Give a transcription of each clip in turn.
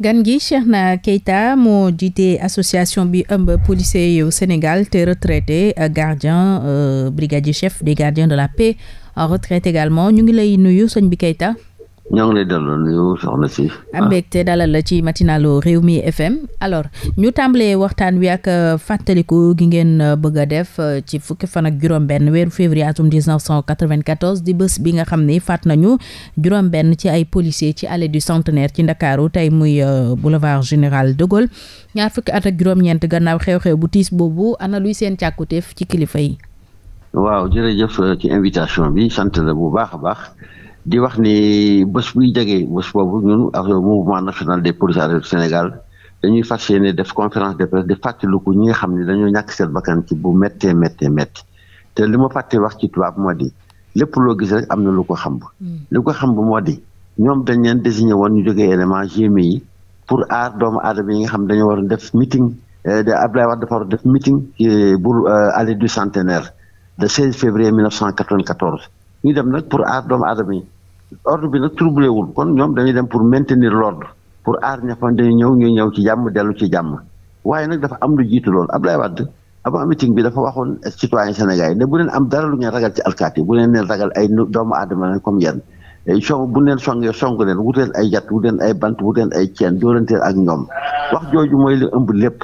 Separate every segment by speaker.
Speaker 1: gan gi Cheikhna Keita moo jiite association bi ëmb policier yu Sénégal te retraité euh, gardien euh, brigadier chef des gardiens de la paix en retraite également ñu ngi lay nuyu sëñ bi Keita
Speaker 2: ñoo ngi lay delloo nuyu soxna si. am
Speaker 1: mbégte dalal la ci matinalu Rewmi FM alors ñu tàmbalee waxtaan wi ak euh, fàttaliku gi ngeen euh, bëgg a def euh, ci fukki fan ak juróom-benn weeru février atum 1994 di bës bi nga xam ni faat nañu juróom-benn ci ay policiers ci allée du centenaire ci ndakaaru tey muy boulevard général de ñaar fukki at ak juróom-ñeent gannaaw xew-xew bu tiis boobu ana luy seen càkkutéef ci kilifa yi.
Speaker 2: waaw jërëjëf ci invitation bi sant bu baax a baax. di wax ni bés buy jege bés boobu ñun ak mouvement national des policiers du Sénégal dañuy fas yéene def conférence de presse di fàttaliku ñi nga xam ne dañoo ñàkk seen bakkan ci bu méttee méttee métti te li ma fàtte wax ci tubaab moo di lépp loo gis rek am na lu ko xamb mm. lu ko xamb moo di ñoom dañ leen désigné woon ñu jógee élément GMI yi pour aar doomu aadama yi nga xam dañoo war a def meeting euh, de Abdoulaye a def meeting euh, euh, aller du centenaire de 16 février 1994 ñu dem nag pour aar doomu aadama yi ordre bi nag troublé wul kon ñoom dañuy dem pour maintenir l'ordre pour aar ña fan dañuy ñëw ñu ñëw ci jàmm dellu ci jàmm waaye nag dafa am lu jiitu loolu Abdoulaye Wade avant meeting bi dafa waxoon citoyen Sénégal yi ne bu leen am dara lu ngeen ragal ci alkaati bu leen leen ragal ay doomu adama lañ comme yéen song bu neen songee song leen wuteen ay jat wuteen ay bant wuteen ay ceen dóoranteel ak ñoom wax jooju mooy li ëmb lépp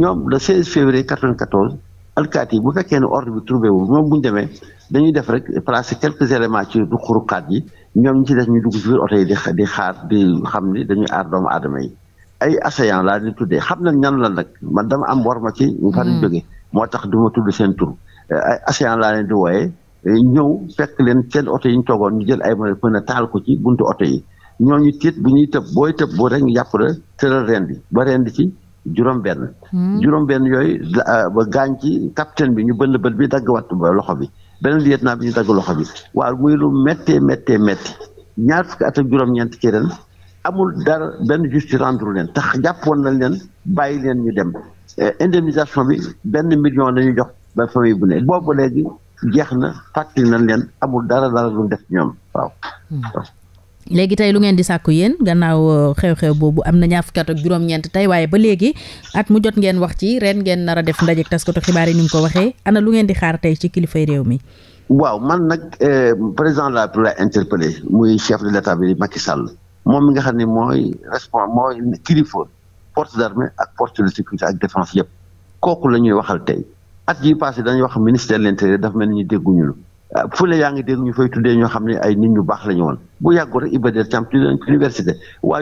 Speaker 2: ñoom le 16 février 94 alkaati yi bu fekkee ne ordre bi trouvé wu moom bu ñu demee dañuy def rek placer quelques éléments ci xurukaat yi ñoom ñi ci def ñu dugg ci biir oto yi di xaar di xam ni dañuy aar doomu yi ay assaillants laa di tuddee xam na ñan la nag man dama am war ma ci ñu fa di hmm. jóge moo tax du ma tudd seen tur ay assaillants laa leen di wooyee eh, ñëw fekk leen seen oto yi ñu toogoon ñu jël ay mën a taal ko ci buntu oto yi ñooñu tiit bu ñuy tëb booy tëb boo rek ñu jàpp la juróom benn hmm. juróom benn yooyu ah, ba gaañ ci capitaine bi ñu bënn bët bi dagg wat loxo bi beneen lieutenant bi ñu dagg loxo bi waaw muy lu méttee méttee métti ñaar fukki at ak juróom-ñeent ci ren amul dara benn juste rendre leen tax jàppoon nañ leen bàyyi leen ñu dem eh, indemnisation bi benn million la jox ba famille bu ne boobu léegi jeex na fàttali nañ leen amul dara dara lu def ñoom waaw hmm.
Speaker 1: léegi tey lu ngeen di sàkku yéen gannaaw euh, xew-xew boobu am na ñaar fukki ak juróom-ñeent tey waaye ba léegi at mu jot ngeen wax ci ren ngeen nar a def ndaje taskatu xibaar yi ni nga ko waxee ana lu ngeen di xaar tey ci kilifay réew mi.
Speaker 2: waaw man nag euh, président de la République interpellé muy chef de l'état bi Macky Sall moom mi nga xam ne mooy responsable mooy kilifa force d'armée ak force de sécurité ak défense yëpp kooku la ñuy waxal tey at yi passé dañuy wax ministère de l'intérieur mel ni ñu dégguñu Ah, fu la yaa ngi dégg ñu fay tuddee ñoo xam ne ay nit ñu baax la woon bu yàggul rek Iba Der Thiam tuddee nañ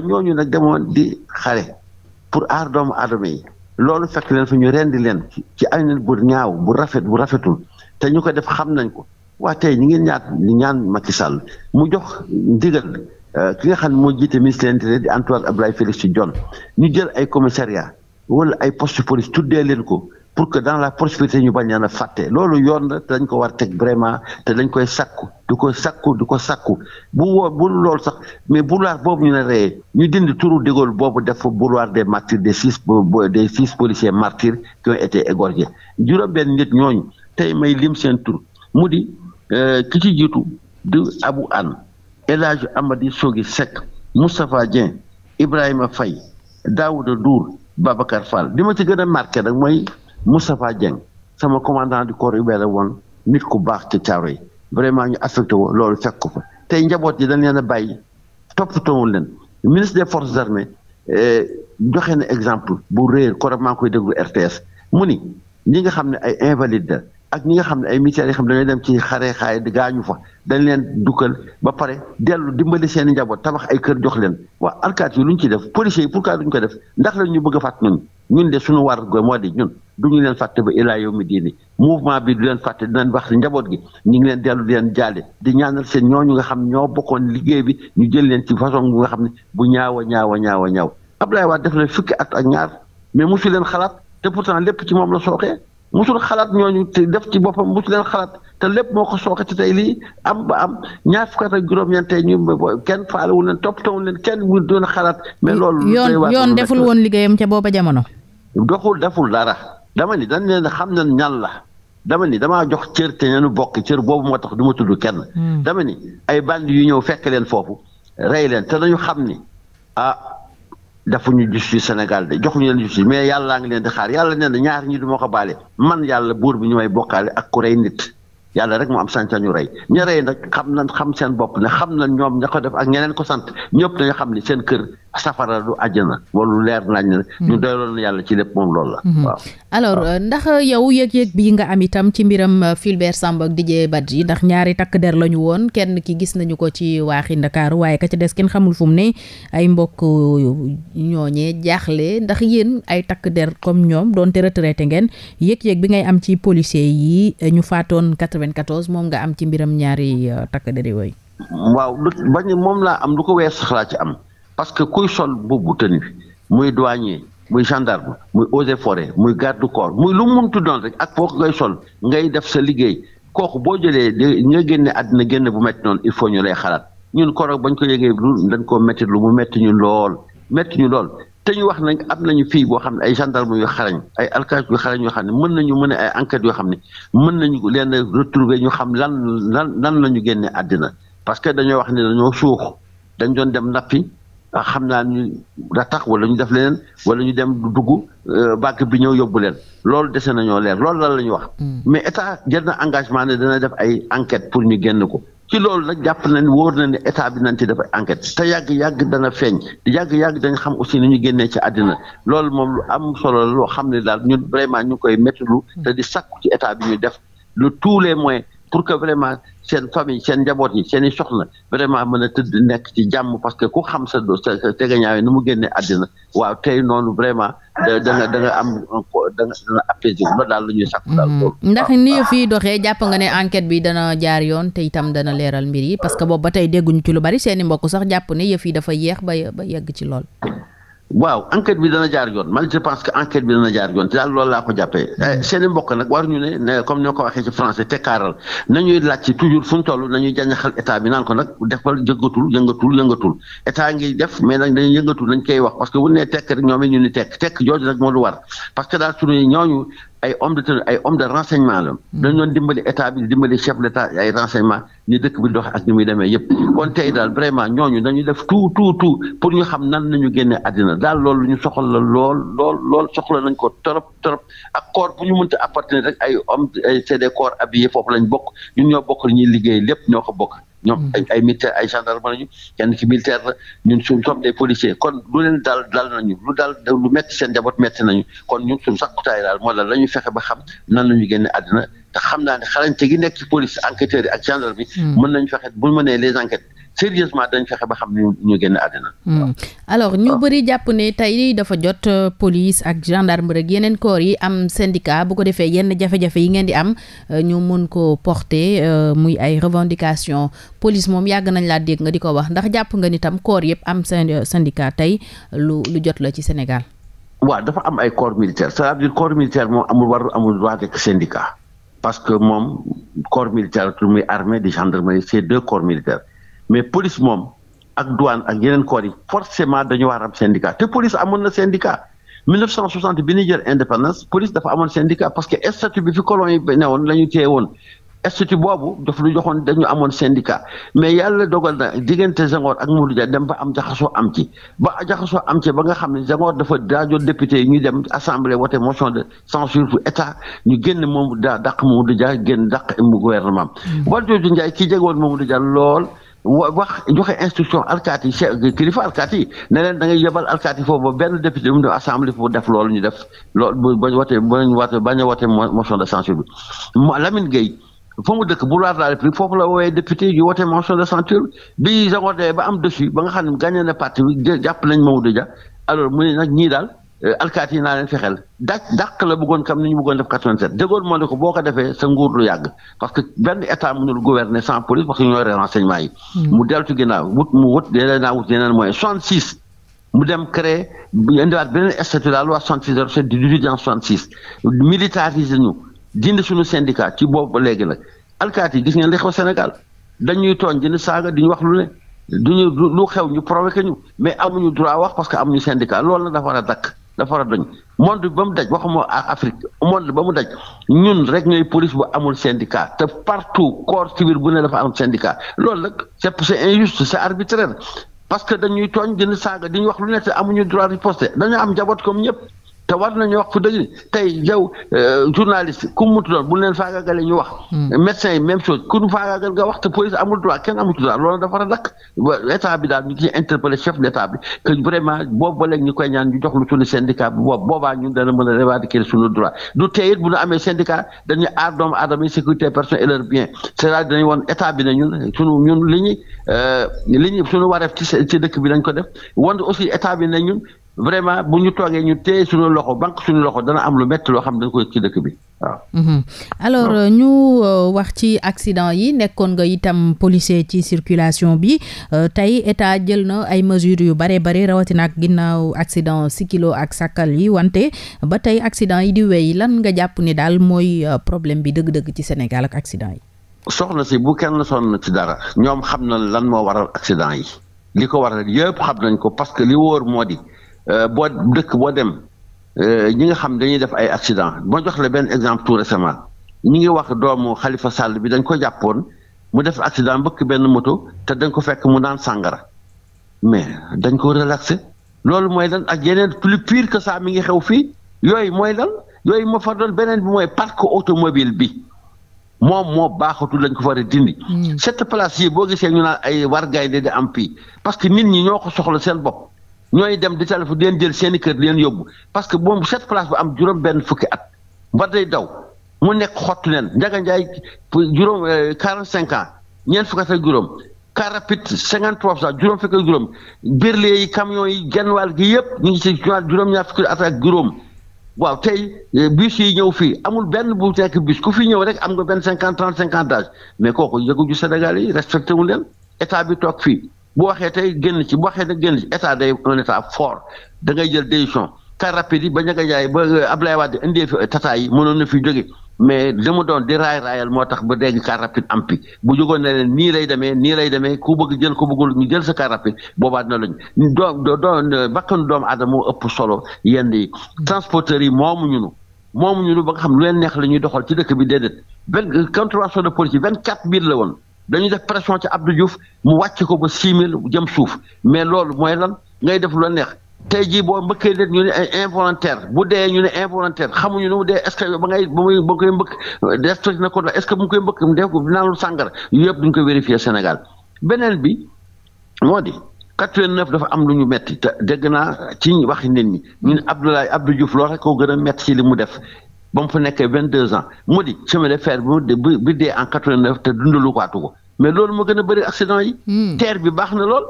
Speaker 2: ñooñu nag demoon di xare pour aar doomu aadama yi loolu fekk leen fa ñu rendi leen ci anen ñaaw bu rafet bu rafetul te ñu ko def xam nañ ko waxtee ñu ñi ngi ñaat ñaan Macky Sall mu jox ndigal ah, ki nga xam ne moo jiite ministère intérieur di Antoine Abdoulaye Félix Diome ñu jël ay commissariat wala ay post police tuddee leen ko pour que dans la prospérité ñu bañ leen a fàtte loolu yoon la te dañ ko war teg vraiment te dañ koy sakku di ko sakku di ko sakku bu woo bu sax mais boulevard boobu ñu ne reyee ñu dindi turu De boobu def boulevard des martyrs des six des six policiers martyrs qui ont été égorgés juróom-benn nit ñooñu tey may lim seen tur mu di euh, ki ci jiitu di Abou Anne El Hadj Amady Sogui Seck Moustapha Dieng Ibrahima Faye Daouda Dour Babacar Fall ma ci gën a marqué nag mooy Moustapha Dieng sama commandant du corps urbain la woon nit ku baax ca caaro yi vraiment ñu affecté ko loolu fekk ko fa tey njaboot yi dañ leen a bàyyi toppatoowul leen ministre des forces armées eh, joxe na exemple bu réer korab maa koy déglu RTS mu ni ñi nga xam ne ay invalide ak ñi nga xam ne ay militaires yi xam ne dañuy dem ci xare xaay gaañu fa dañ leen dukkal ba pare dellu dimbali seen i njaboot tabax ay kër jox leen waa alkaat yi lu ñu ciy def policiers yi pourquoi duñ ko def ndax la ñu bëgg a fàtt ñun de suñu war go moo di ñun du ñu leen fàtte ba ilaa yow mi diini mouvement bi du leen fàtte dinañ wax njaboot gi ñu ngi leen dellu di leen di ñaanal seen ñooñu nga xam ñoo bokkoon liggéey bi ñu jël leen ci façon bu nga xam ne bu ñaaw a ñaaw a ñaaw a ñaaw Ablaye def na fukki at ak ñaar mais musu leen xalaat te pourtant lépp ci moom la sooxee musul xalaat ñooñu te def ci boppam musu leen xalaat te lépp moo ko sooxe te tey lii am ba am ñaar fukki at ak juróom-ñeent tey ñu kenn faale wu leen toppatoo wu leen kenn mu doon xalaat. mais loolu. yoon yoon deful woon
Speaker 1: liggéeyam ca booba jamono.
Speaker 2: doxul deful dara dama ni dañ leen xam na ñan la dama ni damaa jox cër te neenu bokk cër boobu moo tax du ma tudd kenn. Hmm. dama ni ay bandi yu ñëw fekk leen foofu rey leen te dañu xam ni ah defuñu justice Sénégal de joxuñu leen justice mais yàlla ngi leen di xaar yàlla nee na ñaar ñi du ma ko baale man yàlla buur ñu may bokkaale ak ku nit. yàlla rek mu am sañ-sañu rey ña rey nag xam nañ xam seen bopp ne xam nañ ñoom ña ko def ak ñeneen ko sant ñëpp dañu xam ni seen kër safara du àjjana wala leer nañ ne. Hmm. ñu doyloon na yàlla ci lépp moom loolu la. Hmm. waaw
Speaker 1: alors euh, ndax yow bi nga am itam ci mbiram Fulbert euh, Sambou ak Didier Badji ndax ñaari takk der la woon kenn ki gis nañu ko ci waaxi Ndakaaru waaye ka ca des kenn xamul fu mu ne ay mbokk ñooñee jaaxle ndax yéen ay takk der comme ñoom doonte retraité ngeen yëg-yëg bi ngay am ci policier yi ñu faatoon 94 moom nga am ci mbiram ñaari euh, takk der
Speaker 2: waaw lu bañ moom laa am lu ko wees sax laa ci am parce que kuy sol boobu tenue muy douanier muy gendarme muy eaux et forêt muy garde du corps muy lu mu doon rek ak foo ngay sol ngay def sa liggéey kooku boo jëlee nga génne àddina génne bu métti noonu il faut ñu lay xalaat ñun koroog bañ ko yëgee dañ koo métti lu mu métti ñu lool métti ñu lool te ñu wax nañ am nañu fii boo xam ne ay gendarme yu xarañ ay alkaaj yu xarañ yoo xam ne mën nañu mën ay enquete yoo xam ne mën nañu leen retrouver ñu xam lan lan lan la ñu génne àddina parce que dañoo wax ne dañoo suux dañ doon dem nappi ah, xam naa ñu ratax wala ñu def leen wala ñu dem dugg euh, bàgg bi ñëw yóbbu leen loolu dese nañoo leer loolu lan la ñu wax mm. mais état jël engagement ne dana def ay enquête pour ñu génn ko ci loolu nag jàpp na ne wóor na ne état bi nañ ci def enquête ta yàgg yàgg dana feeñ yàgg yàgg dañ xam aussi ni ñu génnee ci àddina loolu moom lu am solo loo xam ne daal ñun vraiment ñu koy métilu lu di sakku ci état bi ñu def lu tous les moins pour que vraiment seen famille seen njaboot yi seen i soxna vraiment mën a tëdd nekk ci jàmm parce que ku xam sa sa tegañaaw nu mu génnee àddina waaw tey noonu vraiment da da nga da nga am da nga da nga apaiser loolu daal la ñuy
Speaker 1: mm. ndax ni fii doxee jàpp nga ne enquête bi dana jaar yoon te itam dana leeral mbir yi parce que boobu ba tey dégguñu ci lu bari seeni i mbokk sax jàpp ne yëf yi dafa yéex ba ba yegg ci lool
Speaker 2: waaw enquête bi dana jaar yoon man je pense que enquête bi dana jaar yoon daal loolu laa ko jàppee eh, hmm. seen i mbokk nag waruñu ne ne comme ñoo ko waxee ci français te kaaral nañuy laaj ci toujours fu ñu toll nañuy jànnaxal naan ko nag defal yëngatul yëngatul yëngatul def mais nag dañuy yëngatul nañ koy wax parce que bu nee tekk rek ñoom it ñu ni tekk tekk jooju nag moo du war parce que daal suñu ñooñu ay homme de tenue ay homme de renseignement la hmm. dañ doon dimbali état bi dimbali chef d'état ay renseignement ni dëkk bi dox ak ni muy demee yëpp kon tey daal vraiment ñooñu dañuy def tout tout tout pour ñu xam nan nañu génne àddina daal loolu lu ñu soxla lool lool lool soxla nañ ko torop torop ak corps bu ñu mënta appartenir rek ay homme ay c'est des corps habillés foofu bokk ñun ñoo bokk ñuy liggéey lépp ñoo ko bokk ñoom mm. ay ay militaire ay gendarme lañu kenn ci militaire la ñun suñu sommes des policiers kon lu leen daal daal nañu lu daal lu metti seen njaboot metti nañu kon ñun suñu sakkutaay daal moo la ñuy fexe ba xam nan nañu génne àddina te xam naa ne xarañte gi nekk ci police enquêteurs yi ak gendarme yi. Hmm. mën nañu fexe bu ñu mënee les enquêtes sérieusement dañ fexe ba xam ñu ñu génn àddina.
Speaker 1: Hmm. alors ñu bëri jàpp ne tey dafa jot euh, police ak gendarme rek yeneen corps yi am syndicat bu ko defee yenn jafe yi ngeen di am euh, ñu mun ko porter euh, muy ay revendication police moom yàgg nañ laa dégg nga di ko wax ndax jàpp nga ni tam yëpp am syndicat tey lu lu jot la ci Sénégal.
Speaker 2: waa dafa am ay corps militaire c'est-à-dire corps militaire moom amul war amul droit de syndicat. parce que moom corps militaire lu muy armée di gendarmerie c'est deux corps militaires mais police moom ak douane ak yeneen corps yi forcément dañu war am syndicat te police amoon na syndicat 1960 indépendance police dafa amoon syndicat parce que statut bi fi colon yi newoon la ñu institut boobu daf lu joxoon dañu amoon syndicat mais yàlla dogal na diggante Senghor ak Mamadou Dia dem ba am jaxasoo am ci ba jaxasoo am ci ba nga xam ne Senghor dafa daajoon député yi ñu dem assemblée wote motion de censure bu état ñu génn moom daa dàq Mamadou Dia génn dàq mu gouvernement war mm. jooju Ndiaye ki jegoon Mamadou Dia lool wax joxe instruction alkaati yi kilifa alkaati yi ne leen da ngay yebal alkaati yi foofu ba benn député mu dem assemblée pour def loolu ñu def lool bañ wote bañ wote bañ a wote motion de censure bi Lamine Gueye fa mu foofu la woowee député yu wootee motion de censure bi Senghor demee ba am dessus ba nga xam ne gagné na parti bi jàpp nañ Mamadou Dia alors mu ne nag ñii daal euh, ko boo ko defee sa nguur lu yàgg parce que benn état mënul gouverner sans police parce que ñoo renseignement yi. Hmm. mu deltu ginnaaw wut mu wut yeneen naa wut yeneen moyen 66. mu dem créé indiwaat beneen statut la loi 66 dindi suñu syndicat ci boobu ba léegi nag alkaati yi gis ngeen li xew Sénégal dañuy tooñ di ñu saaga di ñu wax lu ne duñu lu xew ñu provoqué ñu mais amuñu droit wax parce que amuñu syndicat loolu nag dafa war a dakk dafa war a doñ monde bi ba mu daj waxuma ba mu daj ñun rek ñooy police bu amul syndicat te partout corps civil bu ne dafa am syndicat loolu nag c'est c'est injuste c'est arbitraire parce que dañuy tooñ dina di ñu wax lu ne amuñu droit riposte dañoo am jaboot comme ñëpp te war nañu wax fu dëgg tey yow euh, journaliste ku mu doon bu leen faagaagalee ñu wax. Hmm. médecin yi même chose ku ñu nga wax te police amul droit kenn amul droit loolu dafa war a dakk état daal ñu ciy interpellé chef d' état bi que vraiment boobu ba léegi ñu koy ñaan ñu jox lu suñu syndicat bi boobu boobaa ñun dana mën a revendiquer suñu droit du tey it bu ñu amee syndicat dañuy aar doomu sécurité personnelle et leur bien c' est à dire dañuy woon ñun suñu ñun li ñu euh, li ñu suñu wareef ci ci dëkk bi dañ ko def woon aussi état bi ne ñun. vraiment bu ñu toogee ñu téye suñu loxo banque suñu loxo dana am lu métti loo xam ne dañ koy ci dëkk bi waaw.
Speaker 1: Mhm. alors ñu euh, wax ci accident yi nekkoon nga itam policier ci circulation bi euh, tey état jël na ay mesures yu bare bare rawatina ak ginnaaw accident Sikilo ak Sakal yi wante ba tey accident yi di wéy lan nga jàpp ni daal mooy euh, problème bi dëgg-dëgg ci Sénégal ak accident yi.
Speaker 2: soxna si bu kenn sonn ci dara ñoom xam na lan moo waral accident yi li ko waral yëpp xam nañ ko parce que li wóor moo di. Euh, boo dëkk boo dem euh, ñi nga xam dañuy def ay accident ma jox le benn exemple tout récemment ñi ngi wax doomu xalifa sàll bi dañ koy jàppoon mu def accident mbëkk benn moto te dañ ko fekk mu naan sàngara mais dañ ko relaxé loolu mooy lan ak yeneen plus que ça mi ngi xew fii yooyu mooy lan yooyu moo fa doon beneen bi mooy parc automobile bi moom moo baaxatul lañ ko war a dindi. Mm. cette yi boo gisee ñu naan ay wargaay de am fii parce que nit ñi ñoo ko soxla seen bopp. ñooy dem di talifu di leen jël seen kër di leen yóbbu parce que moom cette place bu am juróom-benn fukki at ba day daw mu nekk xottu leen Ndiaga Ndiaye juróom 45 euh, ans ñeent fukki at ak juróom car rapide 53 pour cent juróom fukki ak juróom birle yi genn wàll gi yëpp ñu ngi si juróom-ñaar fukki at ak juróom. waaw tey euh, bus yi ñëw fii amul benn bu nekk bus ku fi ñëw rek am nga vingt cinquante trente cinquante âge mais kooku yëgu ju Sénégal yi respecté wu leen état bi toog fii boo waxee tey génn ci bu waxee nag génn ci état day un état fort da ngay jël décision car rapide ba ña jaay ba euh, Ablaye Wade indee fi tata yi mënoon na fi jóge mais li mu di raay moo tax ba dégg car rapide am pi bu jógoon leen nii lay demee nii lay demee ku bëgg jël ku bëggul ñu jël sa car rapide boobaa dina lañ doo doo euh, bakkanu doomu aadama moo ëpp solo yenn yi transporteurs yi moomu ñunu moomu ñunu ba nga xam lu leen neex la ñuy doxal ci dëkk bi déedéet vingt euh, contravention de police vingt quatre biir la woon dañuy def pression ci Abdou Diouf mu wàcc ko ba six mille jëm suuf mais loolu mooy lan ngay def lu la neex tey jii boo mbëkkee de ñu ne involontaire bu dee ñu ne involontaire xamuñu nu mu dee est ba ngay ba mbëkk destruit na ko est-ce que mu ngi koy mbëkk mu def ko naanul sàngara yëpp duñ ko vérifier Sénégal beneen bi moo di 89 dafa am lu ñu metti te dégg naa ci waxi nit ñi ñu ne Abdoulaye Abdou Diouf lool rek ko gën a metti ci li mu def ba fu nekkee vingt deux ans mu di chemin de fer bi mu bi dee en quatre vingt te dundalu waatu ko mais loolu moo gën a bëri accident yi. Hmm. terre bi baax na lool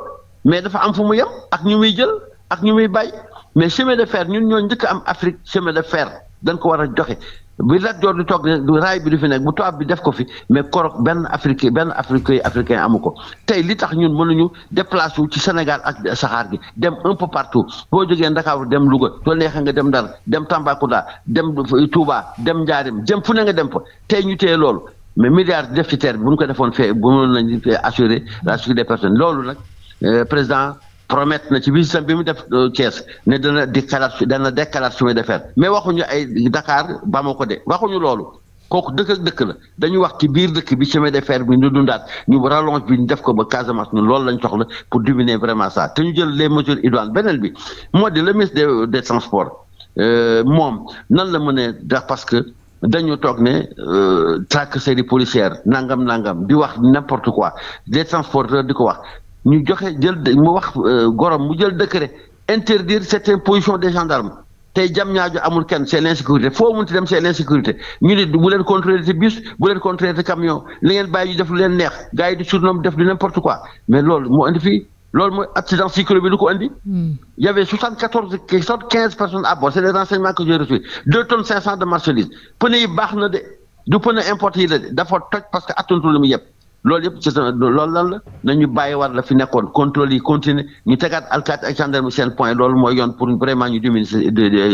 Speaker 2: mais dafa am fu mu yam ak ñu muy jël ak ñu muy bàyyi mais chemin de fer ñun ñoo njëkk am Afrique chemin de fer dañ ko war a joxe bi Lat Joor di toog raay bi du fi nekk bu tubaab bi def ko fi mais korok benn africain benn africain africain amu ko tey li tax ñun ñu déplacé wu ci Sénégal ak saxaar gi dem un peu partout boo jógee Ndakaaru dem Louga soo neexee nga dem Ndar dem Tambacounda dem Touba dem Njaarim jëm fu ne nga dem fa tey ñu téye loolu mais milliards def ci terre bi bu ñu ko defoon fee bu mënoon nañ assurer la sécurité des personnes loolu nag euh, président promettre na ci visitam bi mu def euh, Thiès ne dana décalaat dana décalaat chemin de fer mais waxuñu ay Dakar Bamako de waxuñu loolu kooku dëkk dëkk la dañu wax ci biir dëkk bi chemin de fer bi ñu dundaat ñu rallonge bi ñu def ko ba Casamance ñun loolu lañ soxla pour diminuer vraiment ça te ñu jël le mesures idoines beneen bi moo di le ministre des transports euh, moom nan la mën a parce que dañu toog ne euh, tracasserie policière nangam nangam di wax n'importe quoi des transporteurs di ko wax ñu joxe jël mu wax euh, gorom mu jël décret interdire certaines positions des gendarmes tey jam ñaajo amul kenn c'est l'insécurité foo mun ti dem c'est l'insécurité ñu ne bu leen contrôler te bus bu leen contrôler te camion li ngeen bàyyi ñu def lu leen neex gars yi di surnom def di n'importe quoi mais loolu moo indi fii loolu mooy accident cyclo bi lu ko indi hmm. y avait soixante quatorze soixante quinze personnes à bord c'est les renseignements que j'ai reçus deux tonnes cinq cents de marchandises yëpp loolu yëpp ci loolu lan la nañu bàyyi war la fi nekkoon contrôle yi continuer ñu tegaat alkaati ak gendarme seen point lool mooy yoon pour vraiment ñu diminuer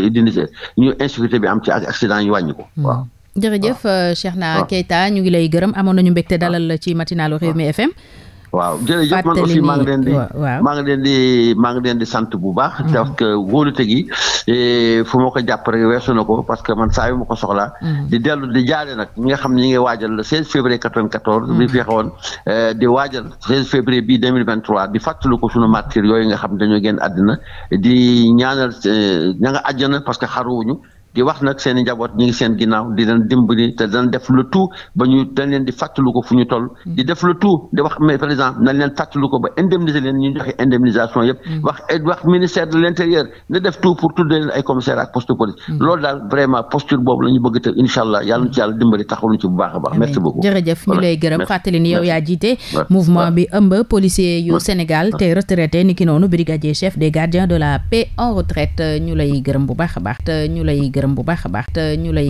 Speaker 2: diminuer ñu insécurité bi am ci ak accident yi wàññi ko
Speaker 1: hmm. waaw jërëjëf euh, Cheikhna Keita ñu ngi lay gërëm amoon nañu mbégte dalal ci matinalu Rewmi FM
Speaker 2: waaw jërëjëf man aussi maa ngi leen di maa ngi leen leen di sant bu baax. Mhm. parce que wóolute gi eh, fu ma ko jàpp rek weesu na ko parce man saa yu ma ko soxlaa. Mhm. di dellu di jaale nag nga xam ñi ngi waajal le 16 février 94. bi mhm. fi xewoon eh, di waajal 16 février bii 2023 di fàttali ko sunu martyr yooyu nga xam dañoo génn àddina di ñaanal eh, ña nga àjjana parce di wax nag seen njaboot ñu ngi seen ginnaaw di leen dimbali te dana def le tout ba ñu dañ leen di fàttalu ko fu ñu toll. di def le tout di wax mais par exemple nañ leen fàttalu ko ba indemniser leen ñu joxe indemnisation yëpp. Mm. wax wax ministère de l' intérieur def tout pour tuddee leen ay commissaire ak poste police. Mm. loolu daal vraiment posture boobu la bëgg te incha yàlla na ci yàlla dimbali taxawaluñu ci bu baax a baax. merci beaucoup a
Speaker 1: ñu lay gërëm gërëm bu baax a baax te